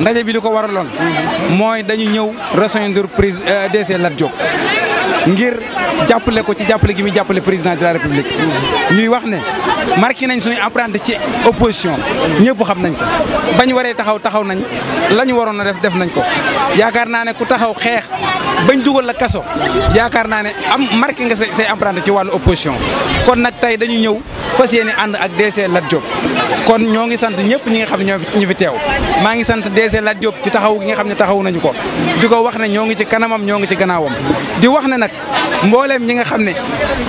ndaje bi li ko waraloon mooy dañu ñëw rejoindre prise euh, DC Lat Diop ngir jàppale ko ci jàppale gi muy jàppale président de la république ñuy wax ne marqué nañ suñu empreinte ci opposition ñëpp xam nañ ko bañ waree taxaw taxaw nañ la ñu waroon a def def nañ ko yaakaar naa ne ku taxaw xeex bañ dugal la kaso yaakaar naa ne am marqué nga say empreinte ci wàllu opposition kon nag tey dañu ñëw fas yéene ànd ak DC Lat Diop kon ñoo ngi sant ñëpp ñi nga xam ne ñoo ñu fi teew maa ngi sant DC Lat Diop ci taxaw gi nga xam ne taxaw nañu ko di ko wax ne ñoo ngi ci kanamam ñoo ngi ci gannaawam di wax ne nag mbooleem ñi nga xam ne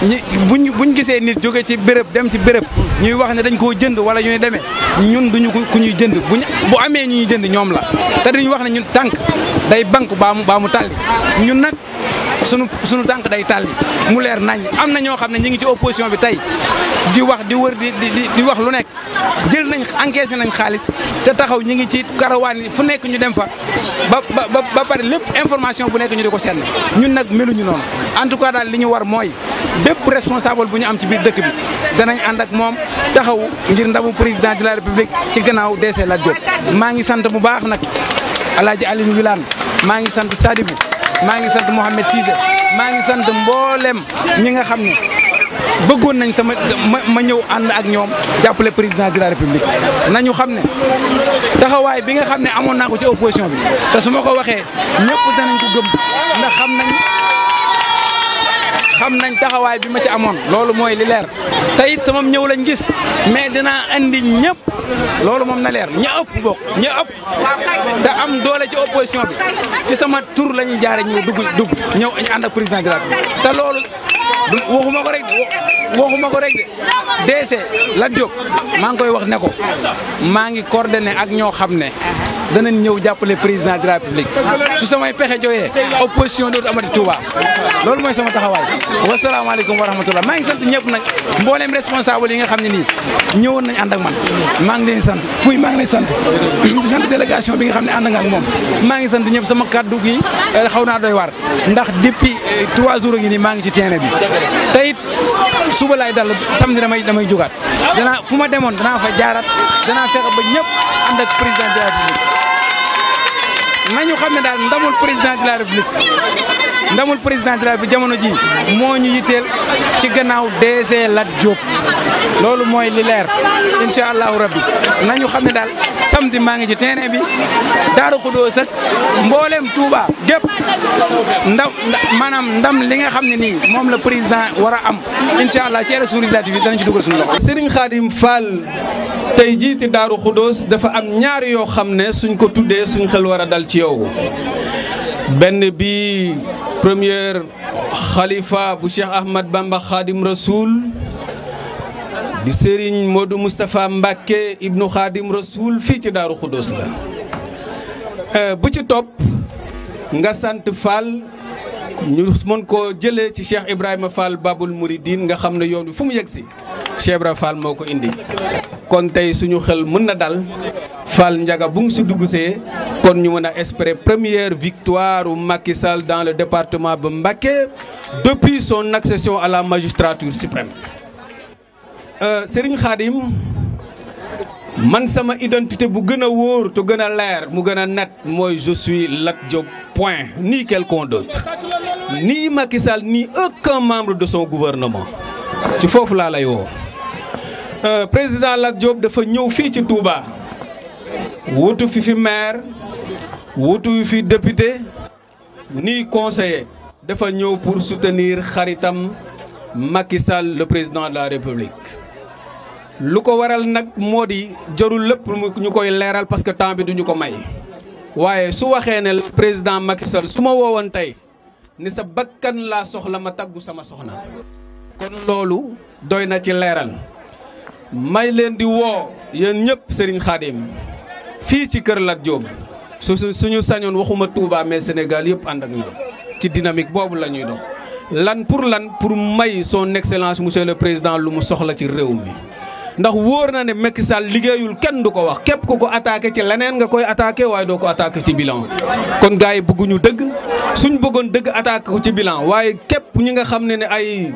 ñi buñ buñ gisee nit jóge ci bërëb dem ci bërëb ñuy wax ne dañ koo jënd wala ñu ne demee ñun duñu ku ñuy jënd buñ bu amee ñu ñuy jënd ñoom la te dañu wax ne ñun tànk day bank baa mu baa mu tàlli ñun nag sunu sunu tànk day tàlli mu leer nañ am na ñoo xam ne ñu ngi ci opposition bi tey di wax di wër di di wax lu nekk jël nañ encaissé nañ xaalis te taxaw ñu ngi ci karawaan yi fu nekk ñu dem fa ba ba ba pare lépp information bu nekk ñu di ko seetlu ñun nag meluñu noonu en tout cas daal li ñu war mooy bépp responsable bu ñu am ci biir dëkk bi danañ ànd ak moom taxaw ngir ndamu président de la république ci gannaaw DC la Diop maa ngi sant bu baax nag Alaaji Alioune Wilane maa ngi sant Sadibou maa ngi sant Mouhamed Cissé maa ngi sant mboolem ñi nga xam ne bëggoon nañ sama ma ñëw ànd ak ñoom jàppale président de la république nañu xam ne taxawaay bi nga xam ne amoon naa ko ci opposition bi te su ma ko waxee ñëpp danañ ko gëm ndax xam nañ. xam nañ taxawaay bi ma ci amoon loolu mooy li leer te it sama ñëw lañ gis mais dinaa indi ñëpp loolu moom na leer ña ëpp bokk ña ëpp te am doole ci opposition bi ci sama tur la ñuy jaare ñëw dugg dugg ñëw ñu ànd ak président de te loolu waxuma ko rek waxuma ko rek de DC maa ngi koy wax ne ko maa ngi coordonné ak ñoo xam ne danañ ñëw jàppale président de la république su samay pexe jooyee opposition dootu amati Touba loolu mooy sama taxawaay wasalaamaaleykum wa rahmatullah maa ngi sant ñëpp nag mbooleem responsable yi nga xam ne nii ñëwoon nañ ànd ak man maa ngi leen sant puy maa ngi leen sant di sant bi nga xam ne ànd nga moom maa ngi sant ñëpp sama kaddu gi eh, xaw naa doy waar ndax depuis eh, trois jours ngi nii maa ngi ci terrain bi tey it suba laay dal samedi damay damay jógaat danaa fu ma demoon danaa fa jaarat danaa fexe ba ñëpp ànd président de la république nañu xam ne daal ndamul président de la république ndamul président de la république jamono ji moo ñu yitteel ci gannaaw DG la Diop loolu mooy li leer incha allahu rabbi nañu xam ne daal di maa ngi ci terrain bi Daaru Xudoos ak mboolem Touba gépp ndam maanaam ndam li nga xam ne nii moom la président war a am incha allah ci élection législative yi danañ ci la suñu loxo. Serigne Khadim Fall tey jiiti Daaru Xudoos dafa am ñaar yoo xam ne suñ ko tuddee suñ xel war a dal ci yow benn bi premier xalifa bu Cheikh Ahmad Bamba Khadim Rasoul. di Serigne Modou Moustapha Mbacke ibnu Khadim Rasoul fii ci Daaru Khoudoss la eh, bu ci topp nga sant Fall ñu mën ko jëlee ci Cheikh Ibrahima Fall Babul Mouridine nga xam ne yoon wi fu mu yegg si Cheikh moo ko indi kon tey suñu xel mën na dal Fall Ndiaga bu ngi si duggsee kon ñu mën a espérer première victoire u Macky Sall dans le département ba Mbacké depuis son accession à la magistrature suprême Euh, Serigne Khadim man sama identité bu gën a wóor te gën a leer mu gën a net mooy je suis Lat Diop point ni quelqu'un d'autre ni Macky Sall ni membre de son gouvernement ci foofu laa lay woo euh, président Lat Diop dafa ñëw fii ci Touba wutu fi fi maire wutu fi député ni conseiller dafa ñëw pour soutenir xaritam Macky Sall le président de la République lu ko waral nag moo di jorul lépp ñu koy leeral parce que temps bi duñu ko may waaye su waxee ne président Macky Sall su ma woowoon tey ni sa bakkan laa soxla ma taggu sama soxna kon loolu doy na ci leeral may leen di woo yéen ñëpp sëriñ Khadim fii ci kër Lat Diop su suñu sañoon waxuma Touba mais Sénégal yëpp ànd ak ñoom ci dynamique boobu la ñuy dox lan pour lan pour may soo son excellence monsieur le président lu mu soxla ci réew mi ndax wóor na ne Macky Sall liggéeyul kenn du ko wax képp ku ko attaqué ci leneen nga koy attaqué waaye doo ko attaqué ci bilan kon gars yi bëgguñu dëgg suñu bëggoon dëgg attaqué ko ci bilan waaye képp ñi nga xam ne ne ay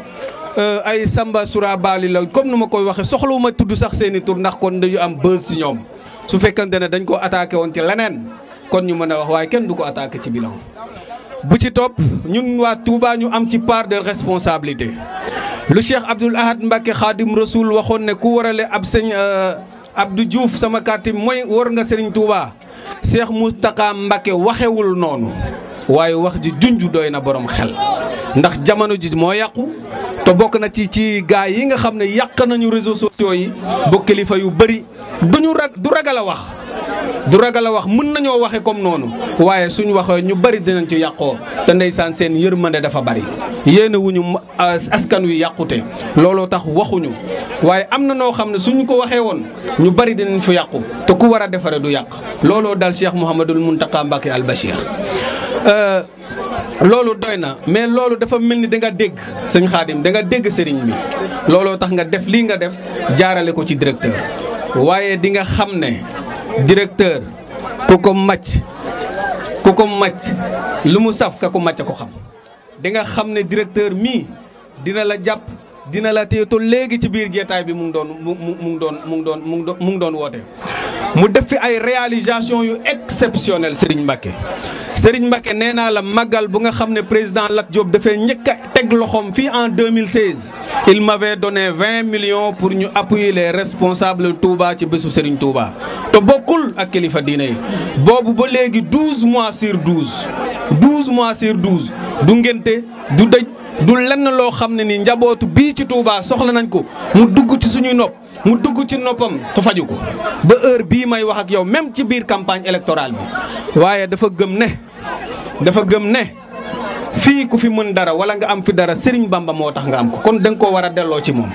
euh, ay Samba Soura Bali la comme nu ma koy waxee soxlawuma tudd sax seen i tur ndax kon dañu am buzz ci ñoom su fekkante ne dañ ko attaqué woon ci leneen kon ñu mën a wax waaye kenn du ko attaqué ci bilan bu ci topp ñun waa tuubaa ñu am ci part de responsabilité lu Cheikh Abdoul Ahad Mbacke Khadim Rasoul waxoon ne ku warale ab sëñ euh, Abdou Diouf sama kàttim mooy war nga Serigne Touba Cheikh Moustaka Mbacke waxewul noonu waaye wax ji junj doy na borom xel ndax jamono ji moo yàqu te bokk na ci ci gaa yi nga xam ne yàq nañu réseaux sociaux yi bu kilifa yu bëri duñu rag du ragal a wax. du ragal a wax mën nañoo waxe comme noonu waaye suñ waxee ñu bari dinañ ci yàqoo te ndeysaan seen yërmande dafa bari yéene wuñu askan wi yàqute looloo tax waxuñu waaye am na noo xam ne suñ ko waxee woon ñu bari dinañ fu yàqu te ku war a defare du yàq looloo dal Cheikh Mouhamadul Mountakha Mbacké Al Bachir euh, loolu doy na mais loolu dafa mel ni da nga dégg sëñ Xaadim danga dégg sëriñ bi looloo tax nga def lii nga def jaarale ko ci directeur waaye di directeur ku ko màcc ku ko màcc lu mu saf ka ko màcc ko xam di nga xam ne directeur mii dina la jàpp dina la téyeto léegi ci biir jeetaay bi mu ngi doon mu mu ngi doon mu doon mu ngi doon woote mu def fi ay réalisation yu exceptionnelle Serigne Mbacké Serigne Mbacke nee naa la magal bu nga xam ne président Lat Diop dafay njëkk a teg loxoom fii en 2016 il m'avait donné 20 millions pour ñu appuyer les responsables Touba ci bésu Serigne Touba te bokkul ak kilifa diine yi boobu ba léegi 12 mois sur 12 12 mois sur 12 du ngénte du dëj du lenn loo xam ne ni njabootu bii ci Touba soxla nañ ko mu dugg ci suñuy nopp. mu dugg ci noppam su faju ko ba heure bii may wax ak yow même ci biir campagne électorale bi waaye dafa gëm ne dafa gëm ne fii ku fi mën dara wala nga am fi dara Serigne Bamba moo tax nga am ko kon da nga koo war a delloo ci moom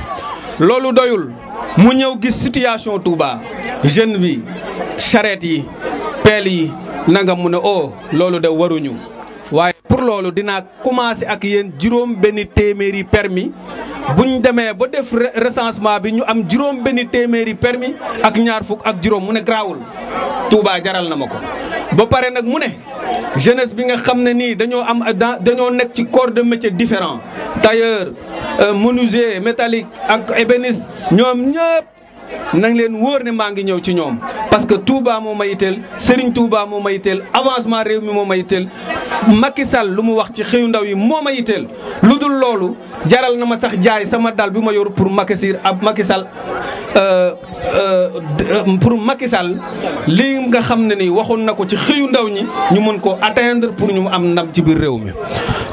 loolu doyul mu ñëw gis situation Touba jeune bi charrette yi peel yi nanga mu ne oh loolu de waruñu loolu dinaa commencé ak yéen juróom benn téeméeri permis bu ñu demee ba def recensement bi ñu am juróom benn téeméeri permis ak ñaar fukk ak juróom mu ne garaawul Touba jaral na ma ko ba pare nag mu ne jeunesse bi nga xam ne nii dañoo am dañoo nekk ci corps de métier différent tailleur euh, menuisier métallique ak ébéniste ñoom ñëpp nang leen wóor ne maa ngi ñëw ci ñoom parce que Touba moo ma yitteel Serigne Touba moo ma yitteel avancement réew mi moo ma yitteel Macky Sall lu mu wax ci xëyu ndaw yi moo ma yitteel lu dul loolu jaral na ma sax jaay sama dal bi ma yor pour Macky Sall ab Macky Sall euh, euh, pour Macky Sall nga xam ne ni waxoon na ko ci xëyu ndaw ñi ñu mën ko atteindre pour ñu am ndam ci biir réew mi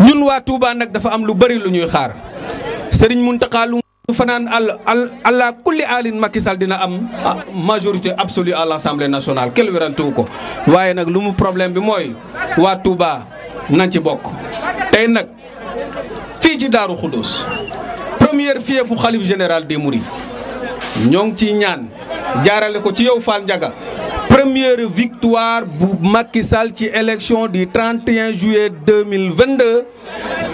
ñun waa tuuba nag dafa am lu bari lu ñuy xaar Serigne Mountakha lu lu fanaan al al allah kulli alin Macky Sall dina am ah, majorité absolue à l' assemblée nationale kenn werantewu ko waaye nag lu mu problème bi mooy waa Touba nañ ci bokk tey nag fii ci Daaru Xudóos première fu xalif général des Mourides ñoo ngi ciy ñaan jaarale ko ci yow Fall Ndiaga première victoire bu Macky Sall ci élection du 31 juillet 2022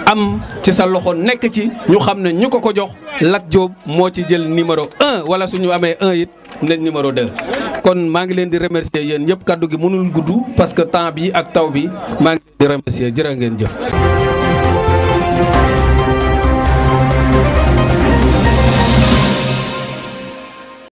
am ci sa loxo nekk ci ñu xam ne ñu ko ko jox Lat Diop moo ci jël numéro un wala ñu amee un it ne numéro deux. kon maa ngi leen di remercier yéen ñëpp kaddu gi mënul gudd parce que temps bi ak taw bi maa ngi leen di remercier jërë ngeen jëf.